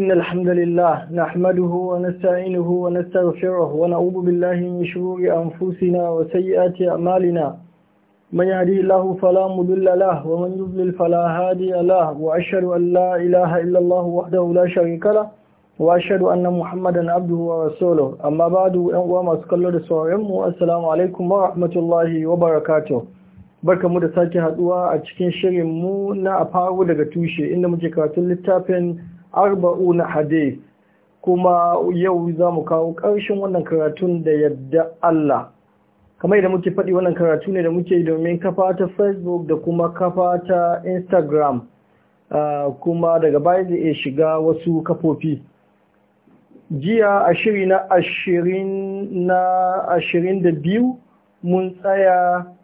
إن الحمد لله نحمده ونستعينه ونستغفره ونعوذ بالله من شرور أنفسنا وسيئات أعمالنا من يهدي الله فلا مضل له ومن يضلل فلا هادي له وأشهد أن لا إله إلا الله وحده لا شريك له وأشهد أن محمدا عبده ورسوله أما بعد أنواع مسكالة السوريم والسلام عليكم ورحمة الله وبركاته barka mu da sake haduwa a cikin shirin mu na a faru daga tushe inda muke karatun littafin arba'una hadith kuma yau zamu kawo ƙarshen wannan karatun da yadda Allah kamar da muke faɗi wannan karatu ne da muke domin kafa ta facebook da kuma kafa ta instagram ah, kuma daga baya zai iya shiga wasu kafofi jiya ashiri na ashirin na ashirin da biyu mun tsaya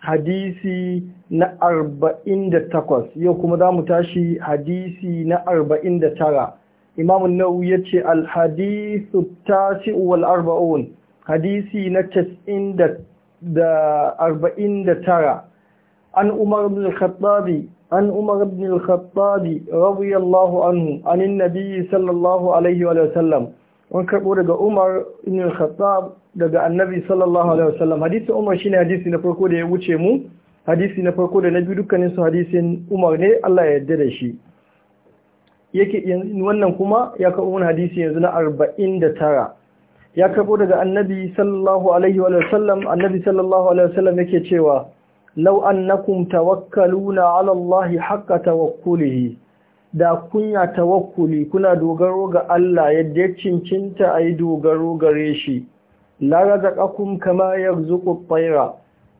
hadisi na 48 yau kuma za mu tashi hadisi na 49 imam an ya yace alhadisu hadithu tasi'u wal arba'un hadisi na 49 an umar ibn al an عن عمر بن الخطاب رضي الله عنه عن النبي صلى الله wani karɓo daga umar ibn khattab daga annabi sallallahu alaihi wasallam hadisin umar shine hadisi na farko da ya wuce mu hadisi na farko da na biyu dukkanin su hadisin umar ne Allah ya yarda da shi yake wannan kuma ya karɓo wani hadisi yanzu na arba'in da tara ya karɓo daga annabi sallallahu alaihi wasallam annabi sallallahu alaihi wasallam yake cewa law annakum tawakkaluna ala Allah haqqa tawakkulihi da kunya tawakkuli kuna dogaro ga Allah yadda ya cincinta a yi dogaro gare shi laraza ƙakun kama ya zuƙo tsaira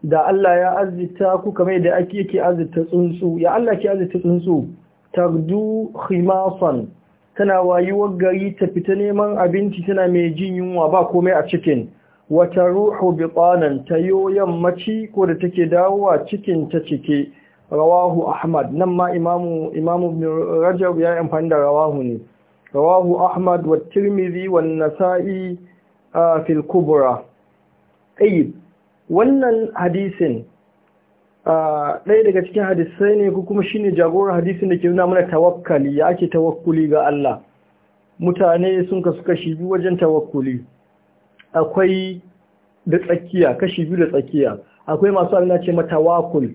da Allah ya azita ku kamar da ake ke azita tsuntsu ya Allah ke azita tsuntsu tardu Himafan tana wayuwar gari ta fita neman abinci tana mai jin yunwa ba komai a cikin wata ruhu biqanan tayo yammaci ko da take dawowa cikin ta cike rawahu ahmad nan ma imamu imamu rajab ya amfani da rawahu ne rawahu ahmad wa tirmidhi wa nasa'i fil kubra ayyib wannan hadisin ɗaya daga cikin hadisai ne ko kuma shine jagoran hadisin da ke nuna mana tawakkali ya ake tawakkuli ga Allah mutane sun kasu kashi biyu wajen tawakkuli akwai da tsakiya kashi biyu da tsakiya akwai masu amina ce matawakul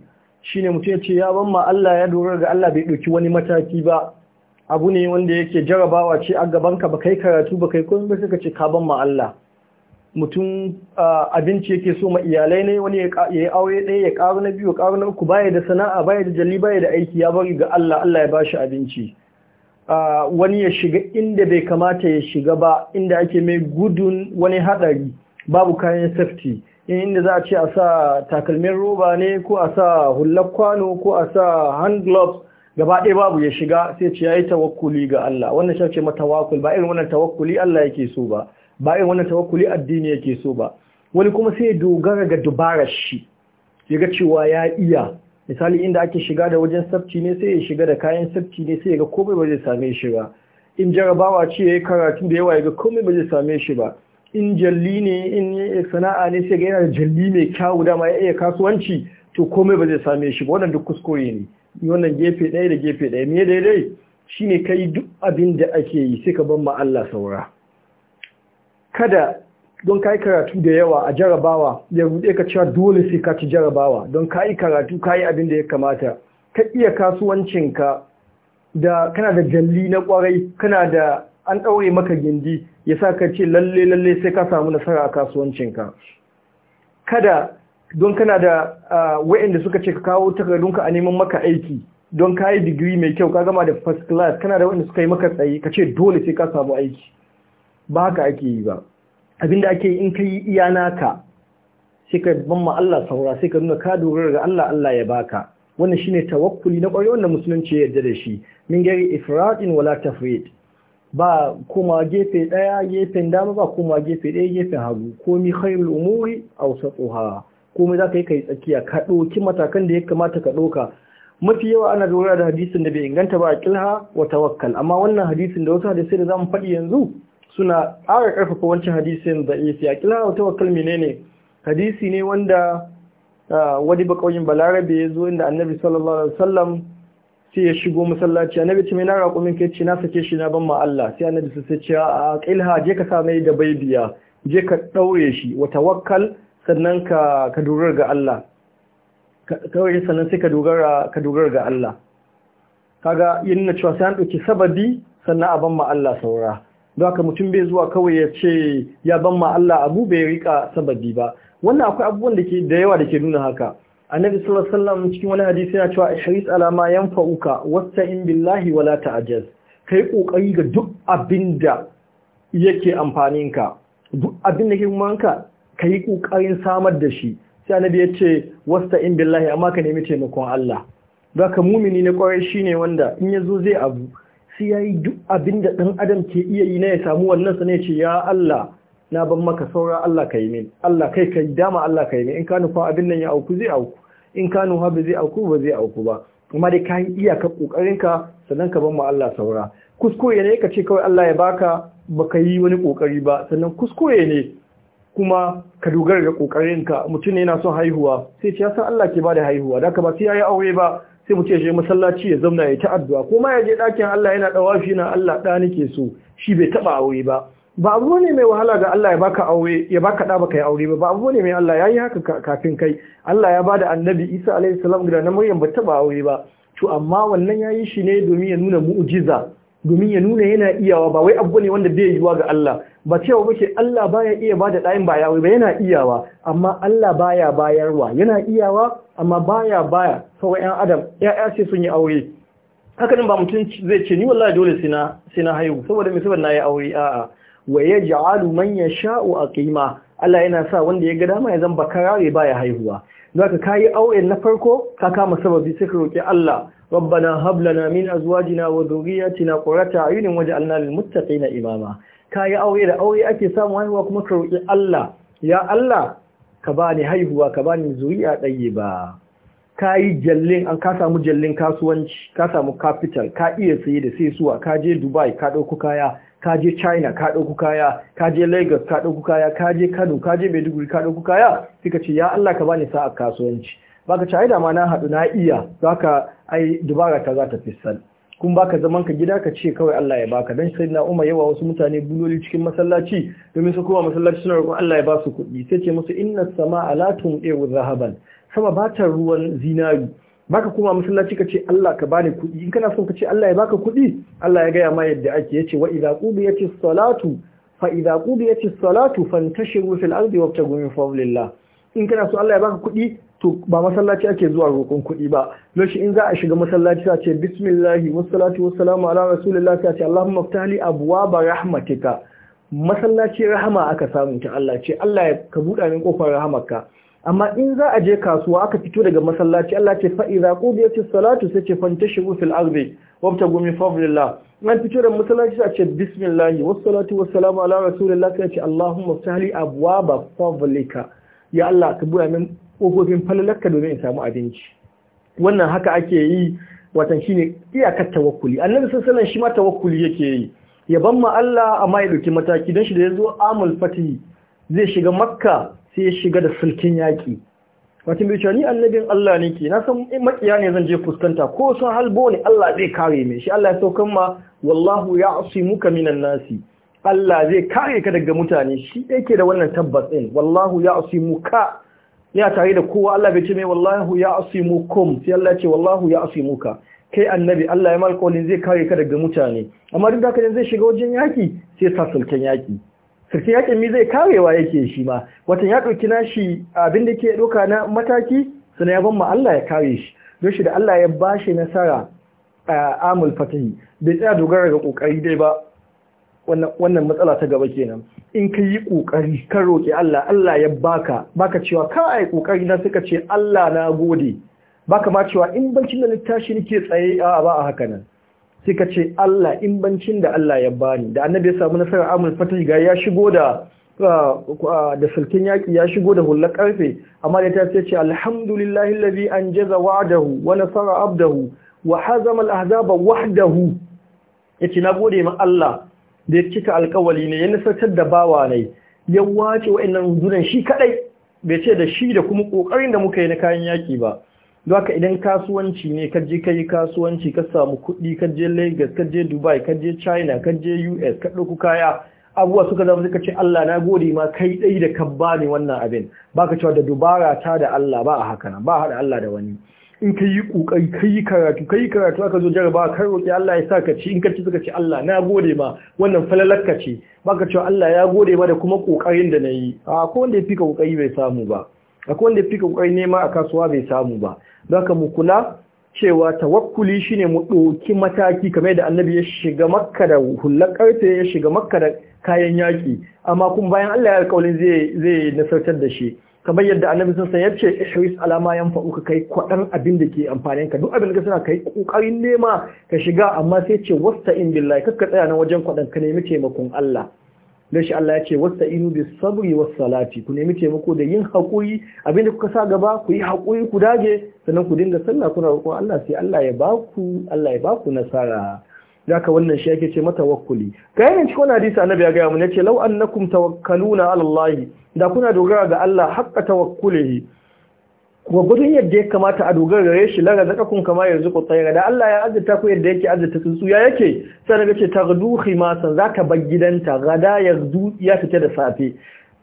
shine mutum ya ce ya ban ma Allah ya dogara ga Allah bai ɗauki wani mataki ba abu ne wanda yake jarabawa ce a gabanka ba kai karatu ba kai komai ba suka ce ka ban ma Allah mutum abinci yake so ma iyalai ne wani ya yi aure ɗaya ya ƙaru na biyu ƙaru na uku baya da sana'a baya da jalli baya da aiki ya bari ga Allah Allah ya bashi abinci wani ya shiga inda bai kamata ya shiga ba inda ake mai gudun wani haɗari babu kayan safety In inda za a ce a sa takalmin roba ne ko a sa hular kwano ko a sa hand gloves gaba ɗaya babu ya shiga sai ce ya yi tawakkuli ga Allah wannan shafi ce ba irin wannan tawakkuli Allah yake so ba ba irin wannan tawakkuli addini yake so ba wani kuma sai dogara ga dubarar shi ya ga cewa ya iya misali inda ake shiga da wajen sabci ne sai ya shiga da kayan sabci ne sai ya ga komai ba zai same shi ba in jarabawa ce ya yi karatu da yawa ya ga komai ba zai same shi ba in jalli ne in sana'a ne sai ga yana da jalli mai kyawu dama ya iya kasuwanci to komai ba zai same shi ba wannan duk kuskure ne wannan gefe ɗaya da gefe ɗaya ne daidai shine kai duk abin da ake yi sai ka ban ma Allah saura kada don kai karatu da yawa a jarabawa ya rude ka cewa dole sai ka ci jarabawa don kai karatu kai abin da ya kamata ka iya kasuwancinka da kana da jalli na kwarai kana da an ɗaure maka gindi ya sa ka ce lalle lalle sai ka samu nasara a kasuwancinka kada don kana da da suka ce ka kawo takardunka a neman maka aiki don ka yi digiri mai kyau ka gama da first class kana da da suka yi maka tsaye ka ce dole sai ka samu aiki ba haka ake yi ba abinda ake yi in ka yi iya naka sai ka ban ma Allah saura sai ka nuna ka dogara ga Allah Allah ya baka wannan shine tawakkuli na ƙwarai wanda musulunci ya yarda da shi min gari ifradin wala tafrid ba kuma gefe ɗaya gefen dama ba kuma gefe ɗaya gefen hagu komi khairul umuri awsatuha komai zaka yi kai tsakiya ka ɗauki matakan da ya kamata ka ɗauka mafi yawa ana dogara da hadisin da bai inganta ba a kilha wa tawakkal amma wannan hadisin da wasu hadisai da zamu faɗi yanzu suna ƙara ƙarfafa wancan hadisin da isi a kilha wa tawakkal menene hadisi ne wanda ah, wani bakauyin balarabe ya zo inda annabi sallallahu alaihi wasallam sai ya shigo masallaci annabi ce mai na raƙumin kai ce na sake shi na ban ma Allah sai annabi su sai ce a ƙilha je ka sa mai da baibiya je ka ɗaure shi wa tawakkal sannan ka ka dogara ga Allah ka ɗaure sannan sai ka dogara ka dogara ga Allah kaga yin na cewa sai an ɗauki sababi sannan a ban ma Allah saura don haka mutum bai zuwa kawai ya ce ya ban ma Allah abu bai rika sababi ba wannan akwai abubuwan da ke da yawa da ke nuna haka annabi sallallahu alaihi cikin wani hadisi yana cewa ihris ala ma yanfa'uka wasta'in billahi wala ta'jaz kai kokari ga duk abinda yake amfaninka duk abinda yake manka kai kokarin samar da shi sai annabi ya ce wasta'in billahi amma ka nemi taimakon Allah baka mumini ne kwarai shine wanda in yazo zai abu sai yayi duk abinda dan adam ke iya yi na ya samu wannan sa ne ce ya Allah na ban maka saura Allah ka yi min Allah kai kai dama Allah ka yi min in ka nufa abin nan ya auku zai auku in ka nuha ba zai auku ba zai auku ba kuma dai ka yi iyakar ka sannan ka ban mu Allah saura kuskure ne ka ce kawai Allah ya baka baka yi wani ƙoƙari ba sannan kuskure ne kuma ka dogara ga ka mutum ne yana son haihuwa sai ce ya san Allah ke bada haihuwa da ka ba sai ya yi aure ba sai mutum ya je masallaci ya zauna ya ta addu'a ma ya je ɗakin Allah yana shi na Allah ɗa nake so shi bai taɓa aure ba ba abu ne mai wahala ga Allah ya baka aure ya baka da baka yi aure ba ba abu ne mai Allah yayi haka kafin kai Allah ya bada annabi Isa alaihi salam da na Maryam ba ta ba aure ba to amma wannan yayi shi ne domin ya nuna mu'jiza domin ya nuna yana iyawa ba wai abu ne wanda bai yiwa ga Allah ba cewa muke Allah baya iya bada da'in ba yawo ba yana iyawa amma Allah baya bayarwa yana iyawa amma baya baya sauran ƴan adam ƴaƴa sai sun yi aure haka nan ba mutum zai ce ni wallahi dole sai na sai na haihu saboda me saboda na yi aure a'a wa manyan man a ƙima Allah yana sa wanda ya ga dama ya zamba karare ba ya haihuwa ka kayi aure na farko ka kama sababi sai ka roƙi Allah rabbana hab lana min azwajina wa dhurriyyatina qurrata a'yunin waj'alna lil muttaqina imama yi aure da aure ake samu haihuwa kuma ka roƙi Allah ya Allah ka bani haihuwa ka bani zuriya ɗaye ba ka yi jallin an ka samu jallin kasuwanci ka samu capital ka iya saye da sai suwa ka je dubai ka ɗauko kaya ka je china ka ɗauku kaya ka je lagos ka ɗauku kaya ka je kano ka je maiduguri ka ɗauku kaya sai ce ya allah ka bani sa'a kasuwanci baka ce ai da ma na haɗu na iya za ka ai dubara ta za ta fisal kun baka zaman ka gida ka ce kawai Allah ya baka don sai na umma yawa wasu mutane buloli cikin masallaci domin su kuma masallaci suna roƙon Allah ya ba su kuɗi sai ce musu inna samaa latun tunqiu zahaban sama ba ta ruwan zinari baka kuma masallaci ka ce Allah ka bani kuɗi in kana son ka ce Allah ya baka kuɗi Allah ya gaya ma yadda ake yace wa idza qudiyatis salatu fa idza qudiyatis salatu fantashiru fil ardi wabtagu min fadlillah in kana so Allah ya baka kuɗi to ba masallaci ake zuwa roƙon kuɗi ba lokacin in za a shiga masallaci ta ce bismillahi wassalatu wassalamu ala rasulillah ta ce Allahumma ftahli abwaba rahmatika masallaci rahama aka samu ta Allah ce Allah ka buɗa min kofar rahamarka amma in za a je kasuwa aka fito daga masallaci Allah ce fa'iza ce salatu sai ce fantashiru fil ardi wabtagu min fadlillah Na fito da masallaci sai ce salatu wasu salama ala rasulillah ya ce allahumma ftahli abwaba fadlika ya Allah ka buya min kofofin falalaka domin in samu abinci wannan haka ake yi watan shi ne iyakar tawakkuli annabi sallallahu shi ma tawakkuli yake yi yaban ma Allah amma ya dauki mataki dan shi da yazo amul fati zai shiga makka sai ya shiga da sulkin yaƙi wacin bai ni annabin Allah ne ke na san makiya ne zan je fuskanta ko sun halbo ne Allah zai kare mai shi Allah ya saukan ma wallahu ya asimuka minan nasi Allah zai kare ka daga mutane shi yake da wannan tabbas din wallahu ya asimuka ya tare da kowa Allah bai ce mai wallahu ya asimukum sai Allah ya ce wallahu ya asimuka kai annabi Allah ya malƙolin zai kare ka daga mutane amma duk da haka zai shiga wajen yaƙi? sai sa sulkin yaƙi. sarkin yakin mi zai karewa yake shi ma watan ya ɗauki nashi abin da ke ɗauka na mataki suna ya ban ma Allah ya kare shi don shi da Allah ya ba shi nasara a amul fatahi bai tsaya dogara ga ƙoƙari dai ba wannan matsala ta gaba kenan in ka yi ƙoƙari kan roƙi Allah Allah ya baka baka cewa ka a yi ƙoƙari na suka ce Allah na gode baka ma cewa in bancin da littashi nake tsaye a ba a haka nan sai ce Allah in bancin da Allah ya bani da annabi ya samu nasarar amul fatih ga ya shigo da uh, uh, da sulkin yaki ya shigo da hullar karfe amma da ta ce alhamdulillahi allazi anjaza wa'dahu wa nasara abdahu wa hazama al-ahzaba wahdahu yace na gode ma Allah da ya cika alkawali ne ya nasartar da bawa ne ya wace wa'annan rundunan shi kadai bai ce da shi da kuma kokarin da muka yi na kayan yaki ba haka idan kasuwanci ne ka je kai kasuwanci ka samu kuɗi ka je Lagos ka je Dubai ka je China ka je US ka ɗauko kaya abuwa suka zama suka ce Allah na gode ma kai ɗai da ka bani wannan abin baka cewa da dubara ta da Allah ba a haka nan ba haɗa Allah da wani in ka yi ƙoƙari ka yi karatu ka yi karatu aka zo jaraba ka roƙi Allah ya sa ka ci in ka ci suka ce Allah na gode ma wannan falalar ce baka cewa Allah ya gode ma da kuma kokarin da na yi a ko wanda ya fi ka ƙoƙari bai samu ba akwai wanda fi kokari nema a kasuwa bai samu ba zaka mu kula cewa tawakkuli shine mu ɗauki mataki kamar da annabi ya shiga makka da hullar karfe ya shiga makka da kayan yaƙi amma kuma bayan Allah ya alƙawarin zai zai nasartar da shi kamar yadda annabi sun san yace ihris alama yan ka kai kwadan abin da ke amfanin ka duk abin da suna kai kokarin nema ka shiga amma sai ce wasta in billahi kakka tsaya nan wajen kwadan ka nemi taimakon Allah shi Allah ya ce inu bi sabri was salati ku nemi taimako da yin hakuri abinda kuka sa gaba ku yi haƙuri ku dage sannan ku dinga sallah kuna roƙon Allah sai Allah ya baku Allah ya baku nasara zaka wannan shi yake ce matawakkuli kai ne cikin hadisi annabi ya gaya mu yace law annakum tawakkaluna ala Allah da kuna dogara ga Allah haqqa tawakkulihi Kuma gudun yadda ya kamata a dogara gare shi lara zaka kun kama yanzu ku tsayar da Allah ya azurta ku yadda yake azurta tsuntsu ya yake sai daga ce tardu khimasan zaka bar gidanta gada ya ya fita da safe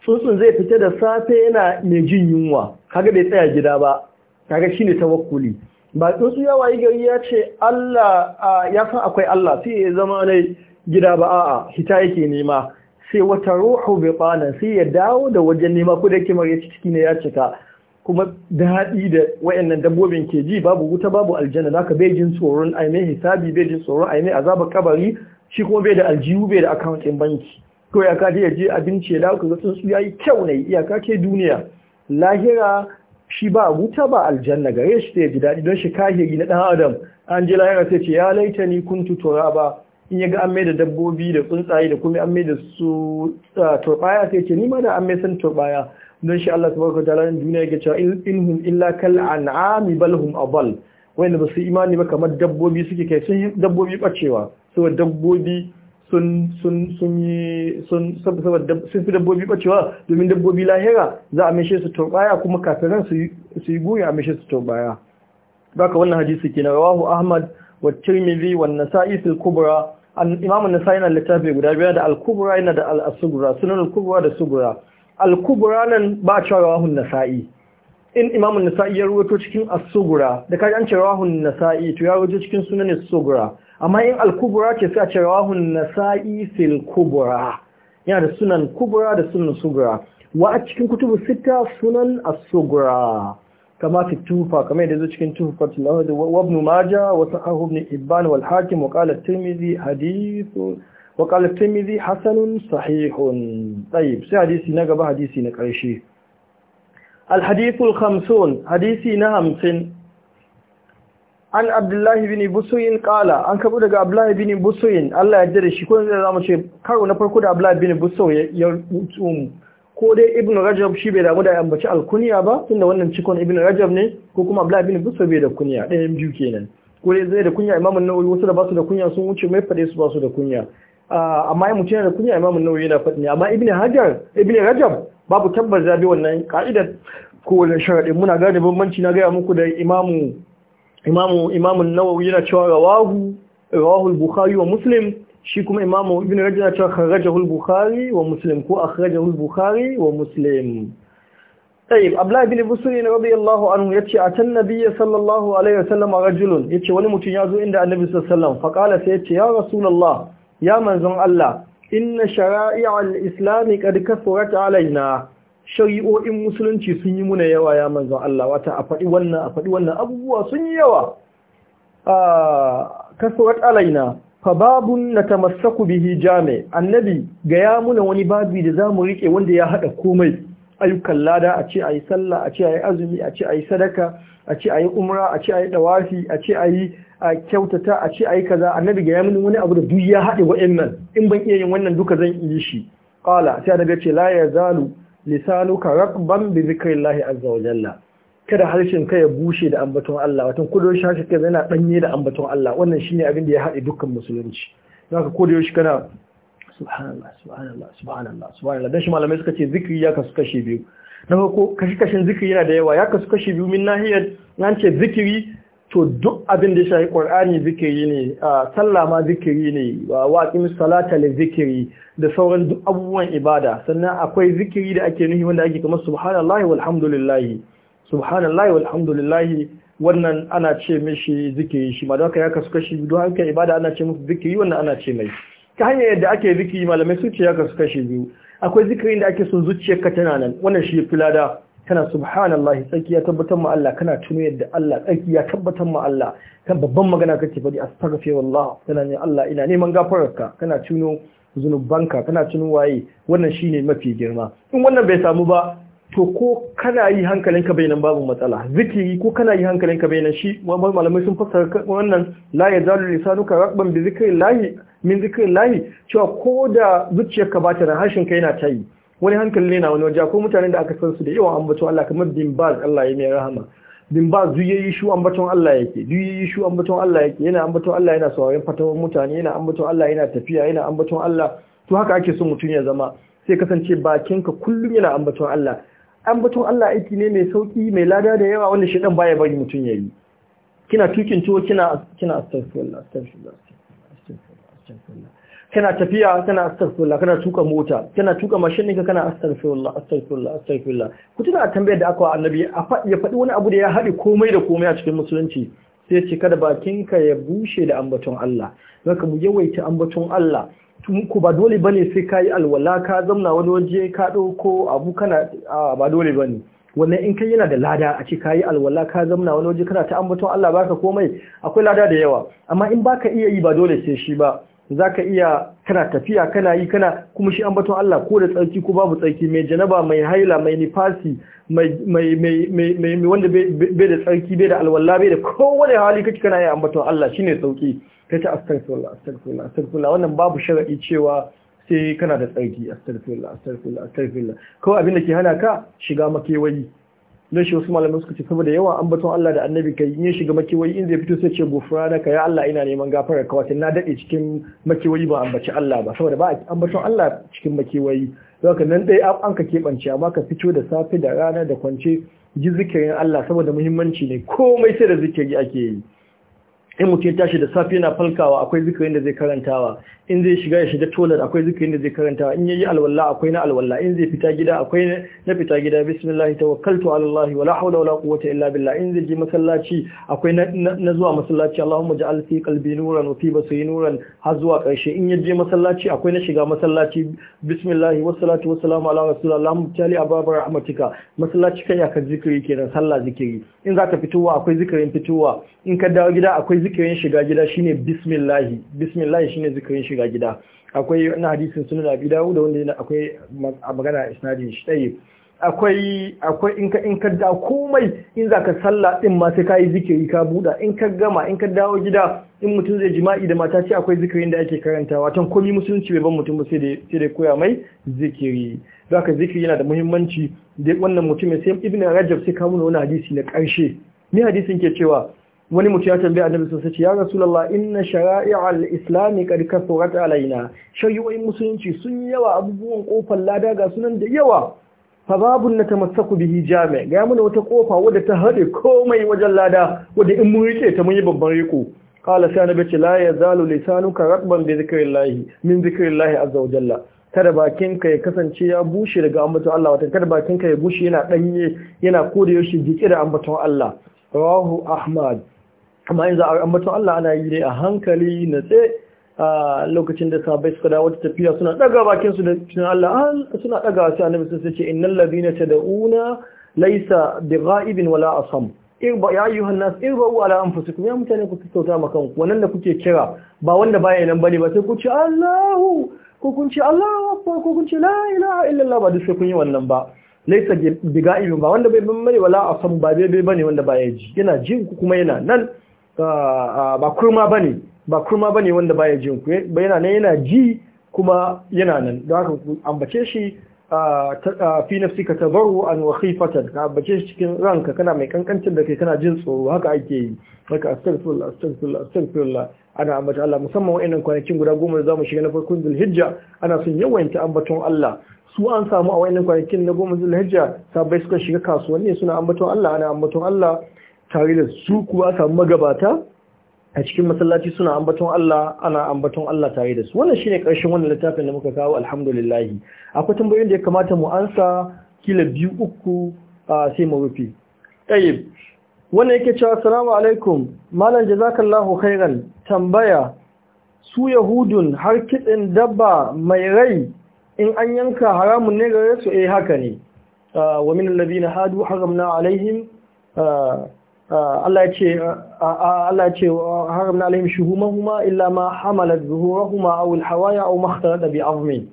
tsuntsun zai fita da safe yana mai jin yunwa kaga bai tsaya gida ba kaga shine tawakkuli ba tsuntsu ya wayi gari ya ce Allah ya san akwai Allah sai ya zama ne gida ba a'a hita yake nema sai wata ruhu bi sai ya dawo da wajen nema ko da ya mare ciki ne ya cika kuma daɗi da wayannan dabbobin ke ji babu wuta babu aljanna zaka ka jin tsoron a hisabi bejin jin tsoron ai mai azaba kabari shi kuma bai da aljihu bai da akawancin banki to ya ka je abinci ya dawo ka ga ya yayi kyau ne iyaka ke duniya lahira shi ba wuta ba aljanna gare shi sai ji daɗi don shi kahiri na ɗan adam an ji lahira sai ce ya laita ni kuntu ba. in ya ga an mai da dabbobi da tsuntsaye da kuma an mai da su ah, turbaya sai ce ni ma da an mai san turbaya don shi Allah tabaraka ta'ala in duniya yake cewa inhum illa kal an'ami bal hum adall wanda ba su imani ba kamar dabbobi suke kai sun dabbobi bacewa saboda dabbobi sun sun sun yi sun saboda sun fi dabbobi bacewa domin dabbobi lahira za a mishe su turbaya kuma kafiran su su yi goyi a mishe su turbaya baka wannan hadisi kenan rawahu ahmad wa tirmidhi wa nasa'i fil kubra an imam an-nasa'i na littafi guda biyar da al-kubra yana da al-sughra sunan al-kubra da sughra al nan ba cewa rawahun nasa'i in imamun nasa'i ya ruwato cikin as da kaji an ce rawahun nasa'i to ya ruwato cikin sunan as sugra amma in al-kubra ce sai a ce rawahun nasa'i fil kubra yana da sunan kubra da sunan sugura wa a cikin kutubu sita sunan as kama fi tufa kamar yadda zo cikin tufa tilawa da wabnu maja wa sahahu ibn ibban wal hakim wa qala tirmidhi hadithu وقال التميذي حسن صحيح طيب سي حديثي نغبا حديثي نقرشي الحديث الخمسون حديثي نهمسن an abdullahi bin busuyin kala an kabu daga abdullahi bin busuyin Allah ya jira shi ko da zamu ce karo na farko da abdullahi bin busuyin ko dai rajab shi bai damu da ambaci alkunya ba tunda wannan cikon Ibn rajab ne ko kuma abdullahi bin busuyin bai da kunya ɗayan biyu kenan ko zai da kunya imamu nawawi wasu da basu da kunya sun wuce mai fade su basu da kunya Ah, amma ya mutu yana da kunya imamu nawawi yana faɗi ne amma ibn hajar ibn rajab babu tabbar zabi wannan ka'idar ko wannan sharadin muna gane bambanci na gaya muku da imamu imamu imamu yana cewa rawahu rawahu al-bukhari wa muslim shi kuma imamu ibn rajab yana cewa kharajahu al-bukhari wa muslim ko akhrajahu al-bukhari wa muslim tayyib Abdullah ibn Busri radiyallahu anhu yace atan nabiyyi sallallahu alaihi wasallam rajulun yace wani mutum ya zo inda annabi sallallahu alaihi wasallam fa qala sai yace ya rasulullah ya manzon Allah inna shara'i'al islami qad kasurat alaina shari'o'in musulunci sun yi muna yawa ya manzon Allah wata a faɗi wannan a wannan abubuwa sun yi yawa ah, kasurat alaina fa babun natamassaku bihi jami annabi ga ya muna wani babi da zamu rike wanda ya hada komai ayyukan lada a ce ayi sallah a ce ayi azumi a ce ayi sadaka a ce ayi umra a ce ayi dawafi a ce ayi a kyautata a ce ayi kaza annabi ga yamin wani abu da duk ya haɗe wa'annan in ban iya yin wannan duka zan yi shi qala sai annabi ce la ya lisanu ka rakban bi zikrillahi azza wa jalla kada harshen ka ya bushe da ambaton Allah watan kudo shi harshen ka yana danye da ambaton Allah wannan shine abin da ya haɗe dukkan musulunci zaka kodo yaushe kana subhanallah subhanallah subhanallah subhanallah dan shi malamai suka ce zikri ya kasu kashe biyu na farko kashi kashin zikiri yana da yawa ya kasu kashe biyu min nahiyar nan ce zikiri to duk abin da shahi ƙwar'ani zikiri ne a ma zikiri ne waƙin salata da zikiri da sauran duk abubuwan ibada sannan akwai zikiri da ake nuhi wanda ake kamar subhanallah walhamdulillah subhanallah walhamdulillah wannan ana ce mishi zikiri shi ma da ya kasu kashi don haka ibada ana ce musu zikiri wannan ana ce mai ta hanyar yadda ake zikiri malamai su ce ya kasu kashi biyu akwai zikirin da ake son ka tana nan wannan shi lada kana subhanallah tsakiya tabbatar ma Allah kana tuno yadda Allah tsakiya tabbatar ma Allah kan babban magana kake faɗi wallah. kana ne Allah ina neman gafararka kana tuno zunubanka kana tuno waye wannan shine mafi girma in wannan bai samu ba to ko kana yi hankalinka bai nan babu matsala zikiri ko kana yi hankalinka bai nan shi malamai sun fassara wannan la yazalu lisanuka raqban bi zikrillahi min zikrillahi cewa ko da zuciyarka ba ta harshen ka yana ta yi wani hankali ne na wani waje ko mutanen da aka san su da yawan ambaton Allah kamar bin baz Allah ya mai rahama bin baz duk yayi shu ambaton Allah yake duk yayi shu ambaton Allah yake yana ambaton Allah yana sauraron fatawar mutane yana ambaton Allah yana tafiya yana ambaton Allah to haka ake son mutum ya zama sai kasance bakinka kullum yana ambaton Allah ambaton Allah aiki ne mai sauki mai lada da yawa wanda shedan baya bari mutum yayi kina tukin tuwo kina kina astaghfirullah astaghfirullah astaghfirullah astaghfirullah kana tafiya kana astaghfirullah kana tuka mota kana tuka mashin ɗinka kana astaghfirullah astaghfirullah astaghfirullah ku tuna tambayar da aka wa annabi a faɗi ya faɗi wani abu da ya haɗe komai da komai a cikin musulunci sai ce kada bakinka ya bushe da ambaton Allah zaka mu yawaita ambaton Allah ku ba dole bane sai kayi alwala ka zamna wani waje ka ɗauko abu kana ba dole bane wannan in kai yana da lada a ce yi alwala ka zamna wani waje kana ta ambaton Allah baka komai akwai lada da yawa amma in baka iya yi ba dole sai shi ba za ka iya kana tafiya kana yi kana kuma shi ambaton Allah ko da tsarki ko babu tsarki mai janaba mai haila mai nifasi mai wanda bai da tsarki bai da alwala bai da kowane hali kake kana yi ambaton Allah shi shine sauki kace astaghfirullah astaghfirullah wannan babu sharaɗi cewa sai kana da tsarki astaghfirullah astaghfirullah astaghfirullah kawai abin da ke hana ka shiga makewayi don shi wasu malamai suka ce saboda yawan ambaton Allah da annabi ka yi shiga makiwayi in zai fito sai ce gufrana ka ya Allah ina neman gafara ka wata na daɗe cikin makiwayi ba ambaci Allah ba saboda ba ambaton Allah cikin makiwayi zaka nan dai an ka keɓance amma ka fito da safe da rana da kwance ji zikirin Allah saboda muhimmanci ne komai sai da zikiri ake yi in mutum ya tashi da safi yana falkawa akwai zikirin da zai karantawa in zai shiga ya shiga tolar akwai zikirin da zai karantawa in yayi alwala akwai na alwala in zai fita gida akwai na fita gida bismillah tawakkaltu ala allah wala hawla wala quwwata illa billah in zai je masallaci akwai na zuwa masallaci allahumma ja'al fi qalbi nuran wa fi basiri nuran har zuwa karshe in yaje masallaci akwai na shiga masallaci bismillah wassalatu wassalamu ala rasulillah mutali ababa rahmatika masallaci kai aka zikiri kenan sallah zikiri in zaka fitowa akwai zikirin fitowa in ka dawo gida akwai zikirin shiga gida shine bismillahi bismillahi shine zikirin shiga gida akwai na hadisin sunan abi dawud wanda akwai magana isnadin shi tayi akwai akwai in ka in ka da komai in za ka salla din ma sai kai zikiri ka buda in ka gama in ka dawo gida in mutum zai jima'i da mata ce akwai zikirin da ake karantawa tan komai musulunci bai ban mutum ba sai da sai da koya mai zikiri zaka zikiri yana da muhimmanci dai wannan mutumin sai ibnu rajab sai kawo wani hadisi na karshe ni hadisin ke cewa wani mutum ya tambaya annabi sun ce ya rasulullah inna shara'i'al islami qad kasurat alaina shari'o'in musulunci sun yi yawa abubuwan kofar lada ga sunan da yawa fa babun natamassaku bihi jami ga mu da wata kofa wadda ta hade komai wajen lada wadda in mun rike ta mun yi babban riko qala sai annabi ce la yazalu lisanuka ratban bi zikrillahi min zikrillahi azza wa jalla kada bakinka ya kasance ya bushe daga ambaton Allah wata kada bakin ka ya bushe yana danye yana koda yaushe jiki da ambaton Allah rawahu ahmad amma yanzu a ambaton Allah ana yi ne a hankali na tse a lokacin da sabai suka dawo wata tafiya suna daga bakin su da cikin Allah suna daga sai annabi sun ce innal ladina tad'una laysa bighaibin wala asam irba ya ayyuhan nas wa ala anfusikum ya mutane ku tsauta makan ku wannan da kuke kira ba wanda baya nan bane ba sai ku ce Allahu ku kun ce Allahu akbar ku kun ce la ilaha illallah ba duk sai kun yi wannan ba laysa bighaibin ba wanda bai bane wala asam ba bai bane wanda baya ji yana jin ku kuma yana nan Ah, ah, ba kurma bane ba kurma bane wanda baya jin ku ba yana nan yana ji kuma yana nan don haka ambace shi ah, fi nafsika baro an wa khifatan ka ambace shi cikin ranka kana mai kankancin da kai kana jin tsoro haka ake yi haka astaghfirullah astaghfirullah astaghfirullah ana ambata Allah musamman wa'annan kwanakin guda goma da zamu shiga na farkon Zulhijja ana son yawanta ambaton Allah su an samu a wa'annan kwanakin na goma Zulhijja sabai suka shiga kasuwanni suna ambaton Allah ana ambaton Allah tare da su kuwa samu magabata a cikin masallaci suna ambaton Allah ana ambaton Allah tare da su wannan shine karshen wannan littafin da muka kawo alhamdulillah akwai tambayoyin da ya kamata mu ansa kila biyu uku sai mu rufe tayyib wannan yake cewa assalamu alaikum malam jazakallahu khairan tambaya su yahudun har kitsin dabba mai rai in an yanka haramun ne ga su eh haka ne wa min alladhina hadu haramna alaihim Allah ya ce Allah na ce haramna alaihim shuhumahuma illa ma hamalat zuhurahuma aw alhawaya aw makhtalata bi azmin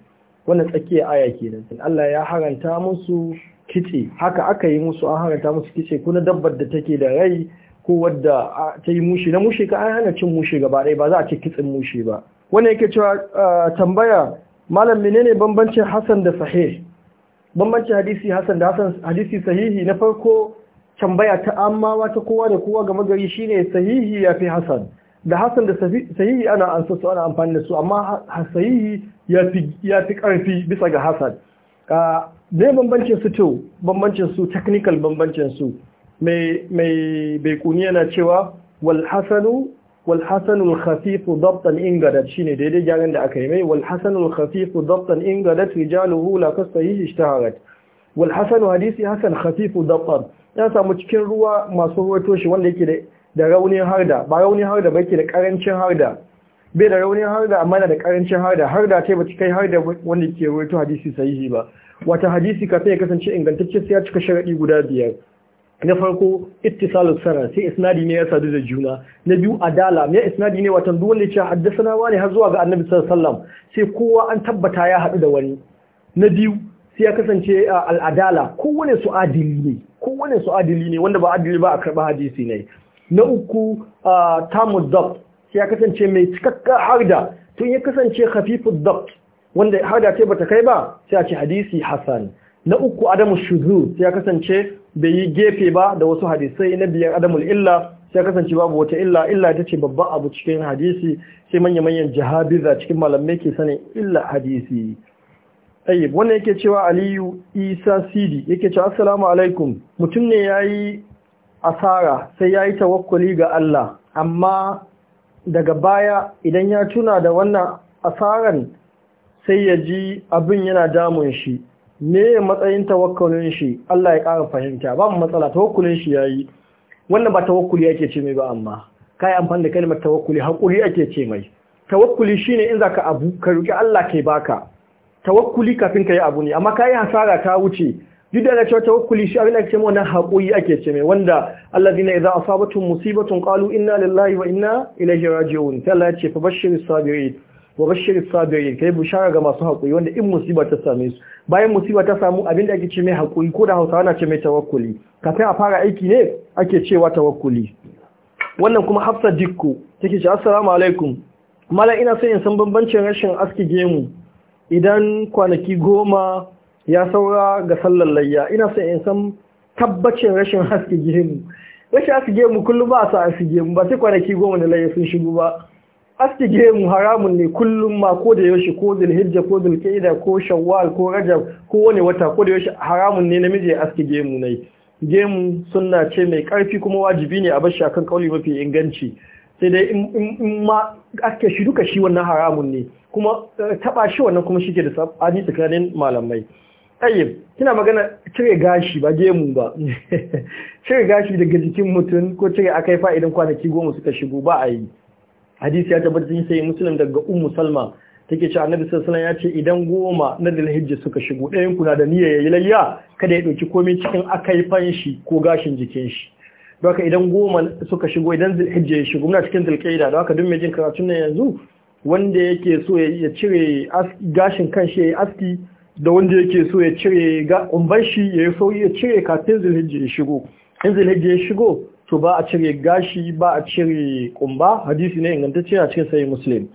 wannan tsakiyar aya kenan Allah ya haranta musu kice haka aka yi musu an haranta musu kice kuna dabbar da take da rai ko wadda ta yi mushi na mushi ka an hana cin mushi gaba ɗaya ba za a ce kitsin mushi ba wanda yake cewa tambaya malam menene bambancin hasan da sahih bambancin hadisi hasan da hasan hadisi sahihi na farko tambaya ta ammawa ta kowa da kowa game gari shine sahihi ya fi hasan da hasan da sahihi ana ansa su ana amfani da su amma sahihi ya fi karfi bisa ga hasan ne bambancin su to bambancin su technical bambancin su mai mai baikuni yana cewa wal hasanu wal hasanu al dabtan ingadat shine daidai gyaran da aka yi mai wal hasanu al khafif dabtan ingadat rijaluhu la kasahihi ishtaharat wal hasanu hadisi hasan khafif dabtan ya samu cikin ruwa masu ruwato shi wanda yake da raunin harda ba raunin harda ba yake da karancin harda bai da raunin harda amma yana da karancin harda harda ta ba kai harda wanda ke ruwato hadisi sahihi ba wata hadisi ka sai ya kasance ingantacce sai ya cika sharaɗi guda biyar na farko ittisalu sana sai isnadi ne ya sadu da juna na biyu adala ne isnadi ne watan duk wanda ya ce haddasana wani har zuwa ga annabi sallallahu alaihi wasallam sai kowa an tabbata ya hadu da wani na biyu sai ya kasance al'adala kowane su adili ne kowane su adili ne wanda ba adili ba a karɓa hadisi ne na uku tamu dabt sai ya kasance mai cikakka harda tun ya kasance hafifu dabt wanda harda ce bata kai ba sai a ce hadisi hasan na uku adamu shuzu sai ya kasance bai yi gefe ba da wasu hadisai na biyar Adamu illa sai ya kasance babu wata illa illa ita ce babban abu cikin hadisi sai manya-manyan jahabiza cikin malamai ke sanin illa hadisi tayyib wannan yake cewa Aliyu Isa Sidi yake cewa assalamu alaikum mutum ne yayi asara sai yayi tawakkuli ga Allah amma daga baya idan ya tuna da wannan asaran sai ya ji abin yana damun shi ne matsayin tawakkulin shi Allah ya ƙara fahimta ba mu matsala tawakkulin shi yayi wannan ba tawakkuli yake ce mai ba amma kai amfani da kalmar tawakkuli hakuri ake ce mai tawakkuli shine in zaka abu ka roki Allah kai baka tawakkuli kafin ka yi abu ne amma kayi hasara ta wuce duk da cewa tawakkuli shi abin da ake wannan haƙuri ake ce mai wanda allazina idza asabatuhum musibatun qalu inna lillahi wa inna ilaihi raji'un ya ce fa bashir sabirin wa bashir sabirin kai bushara ga masu haƙuri wanda in musiba ta same su bayan musiba ta samu abin da ake ce mai haƙuri ko da Hausawa na ce mai tawakkuli kafin a fara aiki ne ake cewa tawakkuli wannan kuma Hafsa Dikko take ce assalamu alaikum mala ina so in san bambancin rashin aski gemu idan kwanaki goma ya saura ga sallar layya ina son in san tabbacin rashin haske gemu rashin haske gemu kullum ba a sa haske gemu ba sai kwanaki goma da layya sun shigo ba haske gemu haramun ne kullum ma ko da yaushe ko hijja ko ko shawwal ko rajab ko wani wata ko da yaushe haramun ne namiji ya haske gemu ne gemu sunna ce mai karfi kuma wajibi ne a bashi akan kauli mafi inganci sai dai in ma ake shi duka shi wannan haramun ne kuma eh, taba shi wannan kuma shi ke da sabani tsakanin malamai ayyib kina magana cire gashi ba gemu ba cire gashi daga jikin mutum ko cire akai fa'idan kwanaki goma suka shigo ba a yi hadisi ya tabbatar sun sai musulun daga ummu salma take ci annabi sallallahu ya ce idan goma na dalhijja suka shigo ɗayan kuna da niyya yi layya kada ya ɗauki komai cikin akai fanshi ko gashin jikin shi doka idan goma suka shigo idan zulhijja ya shigo muna cikin zulqaida da haka duk mai jin karatun nan yanzu wanda yake so ya cire gashin shi ya yi aski da wanda yake so ya cire umbar shi ya yi sauri ya cire kafin zulhijja ya shigo in zulhijja ya shigo to ba a cire gashi ba a cire kumba hadisi ne ingantacce a cikin sayi muslim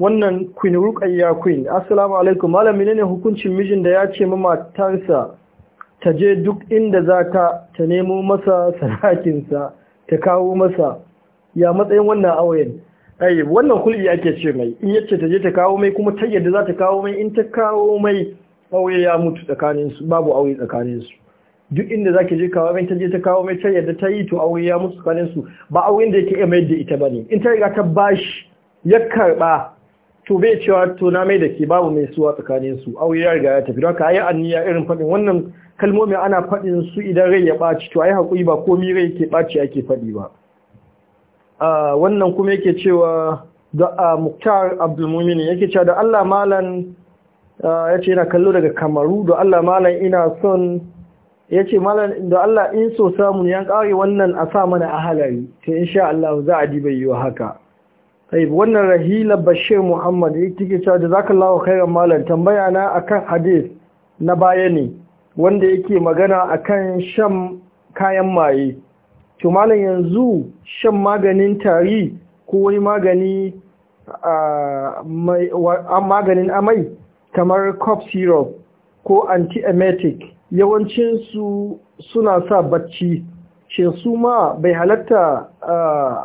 wannan queen rukayya queen assalamu alaikum malam menene hukuncin mijin da ya ce ma matarsa ta je duk inda za ta ta nemo masa sarakinsa ta kawo masa ya matsayin wannan auren ai wannan kulli ake ce mai in yace ta je ta kawo mai kuma ta yadda za ta kawo mai in ta kawo mai aure ya mutu tsakanin su babu aure tsakanin su duk inda zaki je kawo mai ta je ta kawo mai ta yadda ta yi to aure ya mutu tsakanin su ba auren da yake mai da ita bane in ta riga ta bashi ya karba to bai cewa tona mai da ke babu mai suwa tsakanin su aure ya riga ya tafi don ka yi anniya irin faɗin wannan kalmomi ana faɗin su idan rai ya ɓaci to yi haƙuri ba komi rai ke ɓaci ake faɗi ba wannan kuma yake cewa da muktar abdulmumini yake cewa da allah malan ya ce yana kallo daga kamaru da allah malan ina son ya ce malan da allah in so samu yan ƙare wannan a sa mana a halari to sha allah za a diba wa haka Haif, wannan Rahila Bashir Muhammad ya take cewa da zaka lawo khairan malam tambaya na akan hadith na baya ne wanda yake magana akan shan kayan maye. To malam yanzu shan maganin tari ko wani magani maganin amai kamar cough syrup ko antiemetic yawancin su suna sa bacci. Shin su ma bai halatta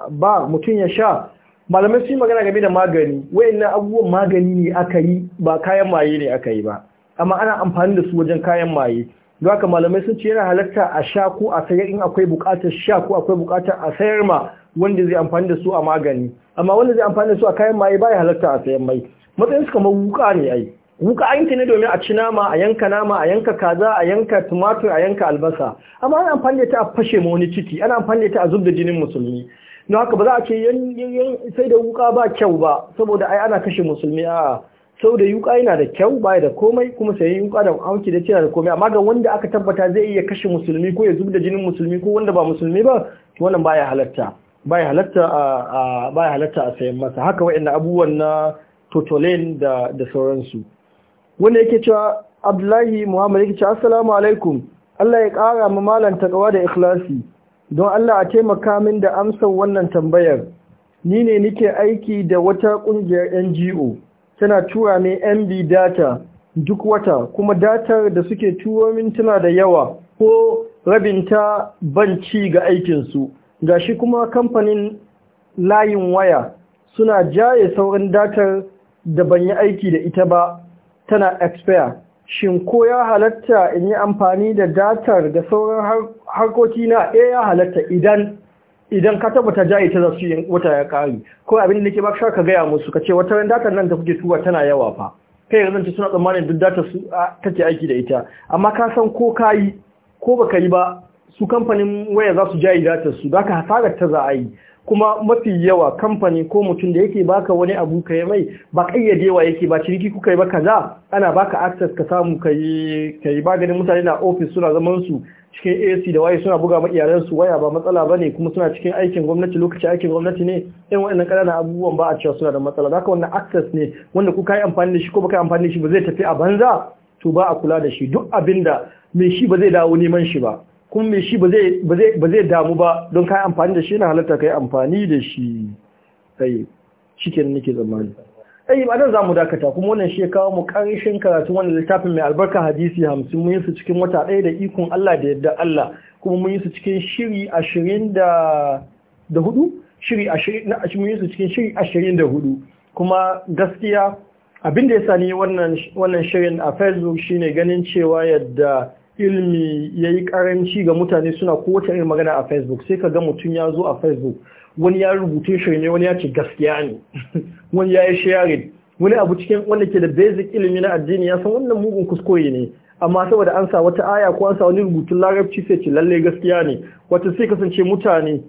ba mutum ya sha malamai sun magana game da magani wayannan abubuwan magani ne aka yi ba kayan maye ne aka yi ba amma ana amfani da su wajen kayan maye don haka malamai sun ce yana halarta a sha ko a sayar in akwai bukatar sha ko akwai bukatar a sayar ma wanda zai amfani da su a magani amma wanda zai amfani da su a kayan maye baya halarta a sayan mai matsayin su kamar wuka ne ai wuka an ne domin a ci nama a yanka nama a yanka kaza a yanka tumatur a yanka albasa amma ana amfani da ta a fashe ma wani ciki ana amfani da ta a zub da jinin musulmi don haka ba za a ce sai da wuka ba kyau ba saboda ai ana kashe musulmi a sau da yuka yana da kyau ba da komai kuma sai yuka da auki da cira da komai amma ga wanda aka tabbata zai iya kashe musulmi ko ya zub da jinin musulmi ko wanda ba musulmi ba wannan baya halatta baya halatta a baya halatta a sayan masa haka wa'annan abubuwan na totolen da da sauransu wanda yake cewa Abdullahi Muhammad yake cewa assalamu alaikum Allah ya kara ma malan kawa da ikhlasi don Allah a taimaka min da amsar wannan tambayar ni ne nike aiki da wata ƙungiyar NGO tana tura min MB data duk wata kuma datar da suke turo min tana da yawa ko rabinta ban ci ga aikinsu gashi kuma kamfanin layin waya suna jaye saurin datar da ban yi aiki da ita ba tana expire shin ko ya halatta in yi amfani da datar da sauran harkoki na ɗaya eh, ya halatta idan ka tabbata jayi ta zasu wata ya kari ko abin da ke ba ka gaya musu ka ce wata ran datar nan da kuke tuba tana yawa fa kai yanzu suna tsammanin duk datar su take aiki da ita amma ka san ko ka yi ko baka yi ba su kamfanin waya za su jayi datar su za ka hasarar ta za a yi kuma mafi yawa kamfani ko mutum da yake baka wani abu ka yi mai ba kayyadewa yake ba ciniki kuka yi ba kaza ana baka access ka samu ka yi ba ganin mutane na ofis suna zaman su cikin AC da waye suna buga ma iyalan su waya ba matsala bane kuma suna cikin aikin gwamnati lokaci aikin gwamnati ne Yan waɗannan ƙananan abubuwan ba a cewa suna da matsala haka wannan access ne wanda kuka yi amfani da shi ko baka yi amfani da shi ba zai tafi a banza to ba a kula da shi duk abinda mai shi ba zai dawo neman shi ba kuma mai shi ba zai damu ba don kayan amfani da shi na halatta ka yi amfani da shi tsaye cikin nake zamani tsaye ba nan za mu dakata kuma wannan shi kawo mu karshen karatun wannan littafin mai albarka hadisi hamsin mun yi su cikin wata ɗaya da ikon Allah da yadda Allah kuma mun yi su cikin shiri ashirin da hudu shiri ashirin na mun yi su cikin shiri ashirin da hudu kuma gaskiya abin da ya sani wannan shirin a facebook shine ganin cewa yadda ilmi ya yi karanci ga mutane suna kowace irin magana a facebook sai ka ga mutum ya zo a facebook wani ya rubuta shi ne wani ya ce gaskiya ne wani ya yi sharing wani abu cikin wanda ke da basic ilimi na addini ya san wannan mugun kuskure ne amma saboda an sa wata aya ko an sa wani rubutun larabci sai ce lalle gaskiya ne wata sai kasance mutane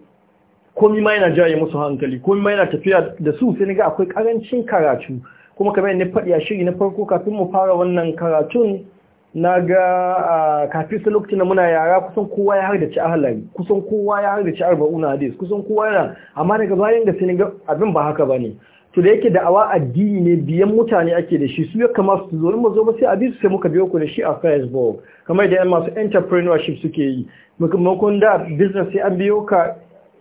komi ma yana jaye musu hankali komi ma yana tafiya da su sai ga akwai karancin karatu kuma kamar ne faɗi a shiri na farko kafin mu fara wannan karatun na ga kafin su lokacin da muna yara kusan kowa ya harda ci halari kusan kowa ya harda ci arba'una hadis kusan kowa yana amma daga bayan da sai ga abin ba haka ba ne. to da yake da'awa addini ne biyan mutane ake da shi su ya kama su zo in zo ba sai a bisu sai muka biyo ku da shi a Facebook kamar da yan masu entrepreneurship suke yi makon da business sai an biyo ka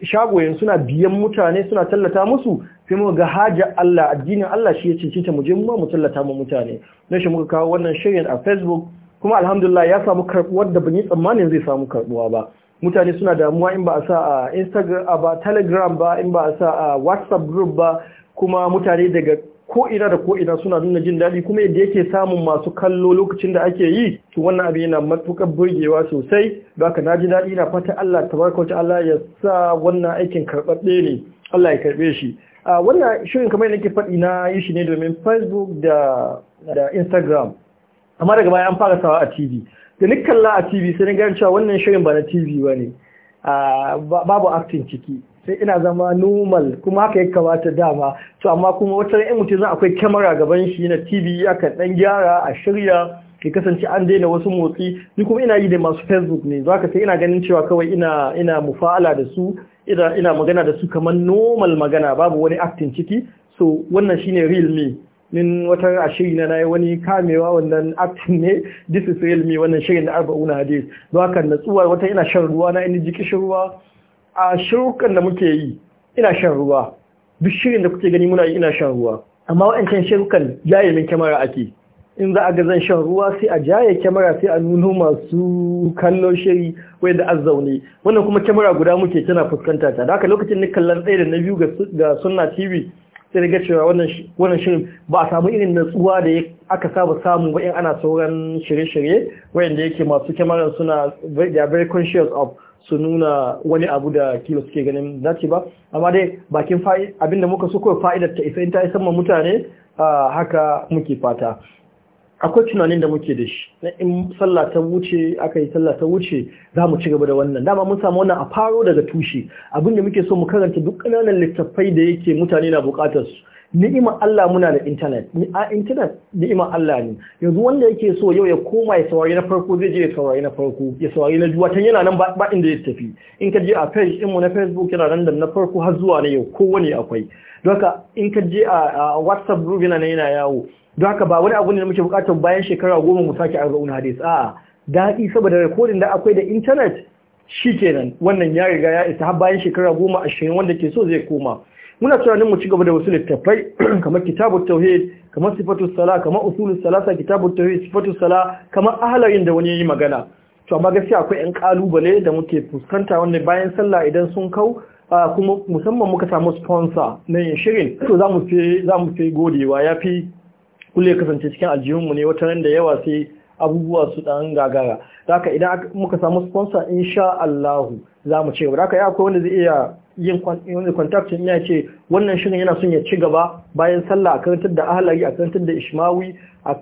shagoyin suna biyan mutane suna tallata musu sai muka ga haja Allah addinin Allah shi ya cincinta mu je mu ma mu tallata mu mutane na shi muka kawo wannan shirin a Facebook kuma alhamdulillah ya samu karbuwar da yi tsammanin zai samu karbuwa ba mutane suna damuwa in ba a sa a instagram ba telegram ba in ba a sa a whatsapp group ba kuma mutane daga ko'ina da ko'ina suna nuna jin daɗi kuma yadda yake samun masu kallo lokacin da ake yi to wannan abin yana matuƙar burgewa sosai da ka na ji daɗi na fata Allah tabaraka wata Allah ya sa wannan aikin karɓaɓɓe ne Allah ya karɓe shi wannan shirin kamar yadda nake faɗi na yi shi ne domin facebook da instagram amma daga baya an fara sawa a tv da ni kalla a tv sai na gane cewa wannan shirin ba na tv ba ne babu acting ciki sai ina zama normal kuma haka ya kamata dama to amma kuma wata ran mutum zan akwai kyamara gaban shi na tv kan dan gyara a shirya ke kasance an daina wasu motsi ni kuma ina yi da masu facebook ne zaka sai ina ganin cewa kawai ina ina mufa'ala da su ina ina magana da su kamar normal magana babu wani acting ciki so wannan shine real me min wata ashiri na nayi wani kamewa wannan aktin ne this is real me wannan shirin da arba'una hadis don haka natsuwa wata ina shan ruwa na ina jiki shan ruwa a shirukan da muke yi ina shan ruwa duk shirin da kuke gani muna yi ina shan ruwa amma wa'ancan shirukan jaye min kyamara ake in za a ga zan shan ruwa sai a jaye kyamara sai a nuno masu kallo shiri wai da azzaune wannan kuma kyamara guda muke tana fuskanta ta da haka lokacin ni kallon ɗaya da na biyu ga sunna tv sai ga cewa wannan shirin ba a samu irin natsuwa da aka saba samu ba in ana sauran shirye-shirye wayanda yake masu kyamarar suna are very conscious of su nuna wani abu da kilo suke ganin dace ba amma dai bakin abinda muka so kawai fa'idar ta isa in ta isa mutane ah, haka muke fata akwai tunanin da muke da shi na in sallah ta wuce aka yi sallah ta wuce za mu ci gaba da wannan dama mun samu wannan a faro daga tushe abin da muke so mu karanta duk ƙananan littattafai da yake mutane na buƙatar su ni'imar Allah muna da internet a internet ni'imar Allah ne yanzu wanda yake so yau ya koma ya saurari na farko zai je ya saurari na farko ya saurari na juwa tan yana nan ba inda ya tafi in ka je a page din mu na Facebook yana nan da na farko har zuwa na yau kowane akwai don haka in ka je a WhatsApp group yana nan yana yawo don haka ba wani abu ne da muke bukatar bayan shekara goma mu sake arba'un hadis a daɗi saboda rikodin da akwai da intanet shi kenan wannan ya riga ya isa har bayan shekara goma ashirin wanda ke so zai koma muna tunanin mu ci gaba da wasu littattafai kamar kitabut tauhid kamar sifatu sala kamar usulus salasa kitabut tauhid sifatu sala kamar ahlarin da wani yayi magana to amma gaskiya akwai yan kalubale da muke fuskanta wanda bayan sallah idan sun kau kuma musamman muka samu sponsor na yin shirin to za mu fi godewa ya fi kulle kasance cikin aljihunmu ne wata da yawa sai abubuwa su dan gagara haka idan muka samu sponsor insha allahu za mu ce haka ya akwai wanda zai iya yin contact ya ce wannan shirin yana son ya ci gaba bayan sallah a karantar da ahalari a karantar da ishmawi a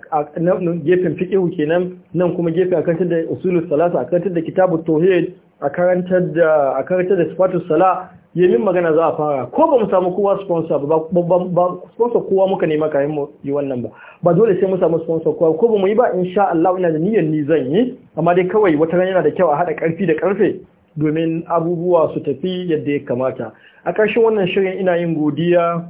gefen fiqh kenan nan kuma gefe a karantar da usulul salasa a karantar da kitabut tauhid a karantar da a karantar da sala Yemin magana za a fara ko ba mu samu kowa sponsor ba ba sponsor kowa muka nema kayan mu yi wannan ba ba dole sai mu samu sponsor kowa ko ba mu yi ba insha Allah ina da niyyar ni zan yi amma dai kawai wata ran yana da kyau a hada karfi da karfe domin abubuwa su tafi yadda ya kamata a ƙarshen wannan shirin ina yin godiya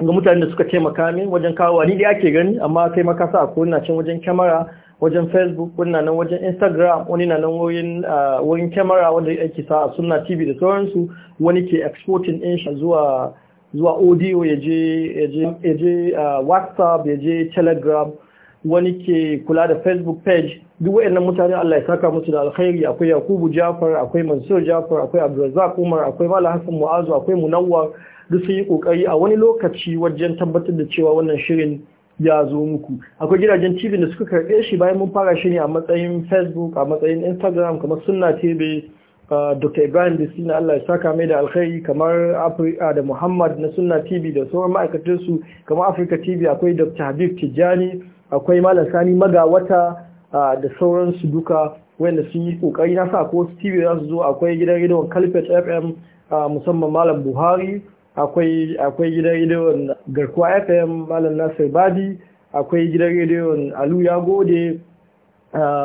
ga mutanen da suka taimaka min wajen kawo ni da ake gani amma kai makasa a ko cin wajen kyamara wajen facebook wani na nan wajen instagram wani na nan wurin kyamara ah, wanda ake sa a suna tv da sauransu wani ke exporting din shi zuwa zuwa audio ya je ah, whatsapp ya je telegram wani ke kula da facebook page duk waɗannan mutane Allah ya saka musu da alkhairi akwai Yakubu Jafar akwai Mansur Jafar akwai Abdulrazak Umar akwai Malam Hassan Mu'azu akwai Munawwar duk sun yi kokari a wani lokaci wajen tabbatar da cewa wannan shirin ya zo muku akwai gidajen tv da suka karɓe shi bayan mun fara shi ne a matsayin facebook a matsayin instagram kamar sunna tv dr ibrahim da sina allah ya saka mai da alkhairi kamar afirka da muhammad na suna tv da sauran ma'aikatarsu kamar afirka tv akwai dr habib tijjani akwai malam sani magawata da su duka wanda sun yi kokari na sa ko tv za su zo akwai gidan rediyon kalfet fm musamman malam buhari akwai akwai gidan rediyon garkuwa fm malam nasir badi akwai gidan rediyon alu ya gode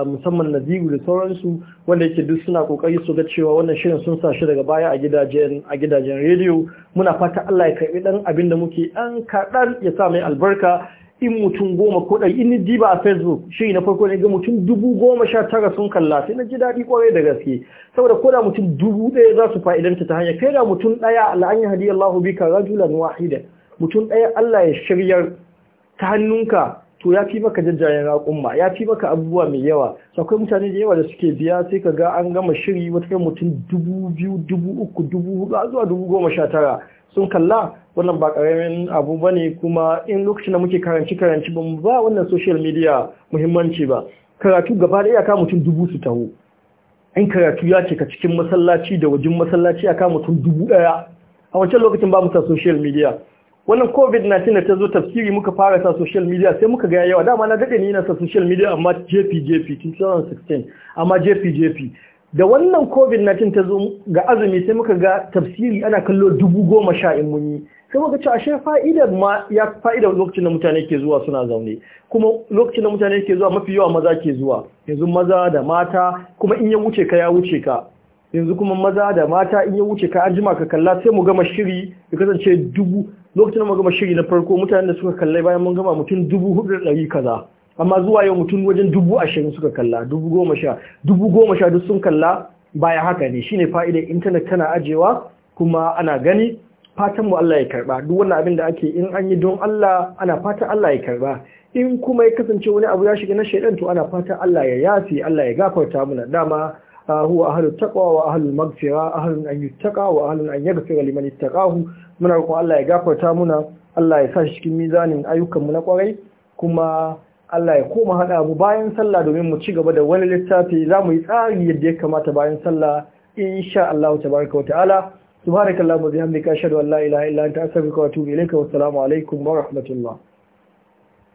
musamman naziru da sauransu wanda yake duk suna kokari su ga cewa wannan shirin sun sa shi daga baya a gidajen rediyo muna fata Allah ya karbi dan abin da muke an kaɗan ya sa mai albarka in mutum goma ko ɗari in ji ba a facebook shi na farko ne ga mutum dubu goma sha tara sun kalla sai na ji daɗi kwarai da gaske saboda ko da mutum dubu ɗaya za su fa'idanta ta hanyar kai da mutum ɗaya la'an hadi Allahu bi ka rajula rajulan wahida mutum ɗaya Allah ya shiryar ta hannunka to ya fi maka jajjayen raƙumma ya fi maka abubuwa mai yawa akwai mutane da yawa da suke biya sai ka ga an gama shiri wata mutum dubu biyu dubu uku dubu hudu zuwa dubu goma sha tara sun kalla wannan ba ƙaramin abu ba ne kuma in lokacin da muke karanci karanci ba mu ba wannan social media muhimmanci ba karatu gaba ɗaya ka mutum dubu su taho in karatu ya ce ka cikin masallaci da wajen masallaci aka mutum dubu ɗaya. a wancan lokacin ba mu sa social media wannan covid-19 da ta zo tafsiri muka fara sa social media sai muka ga yawa dama na daɗe ni na sa social media amma jpjp 2016 amma jpjp da wannan covid-19 ta zo ga azumi sai muka ga tafsiri ana kallo dubu goma sha in mun yi sai muka ce ashe fa'idar ma ya fa'idar lokacin da mutane ke zuwa suna zaune kuma lokacin da mutane ke zuwa mafi yawa maza ke zuwa yanzu maza da mata kuma in ya wuce ka ya wuce ka yanzu kuma maza da mata in ya wuce ka an jima ka kalla sai mu gama shiri ya kasance dubu lokacin da mu gama shiri na farko mutanen da suka kalla bayan mun gama mutum dubu hudu da kaza amma zuwa yau mutum wajen dubu ashirin suka kalla dubu goma sha dubu goma sha duk sun kalla baya haka ne shine fa'idar intanet tana ajewa kuma ana gani fatan mu Allah ya karba duk wannan abin da ake in an yi don Allah ana fatan Allah ya karba in kuma ya kasance wani abu ya shiga na shaidan to ana fatan Allah ya yafi Allah ya gafarta muna dama huwa ahlu taqwa wa ahlu maghfira ahlu an yuttaqa wa ahlu an yaghfira liman ittaqahu muna roƙon Allah ya gafarta muna Allah ya sa shi cikin mizanin ayyukan mu na kwarai kuma Allah ya koma haɗa mu bayan sallah domin mu ci gaba da wani littafi zamu yi tsari yadda ya kamata bayan sallah insha Allah tabaraka wa ta'ala سبحانك اللهم وبحمدك اشهد ان لا اله الا انت استغفرك واتوب اليك والسلام عليكم ورحمه الله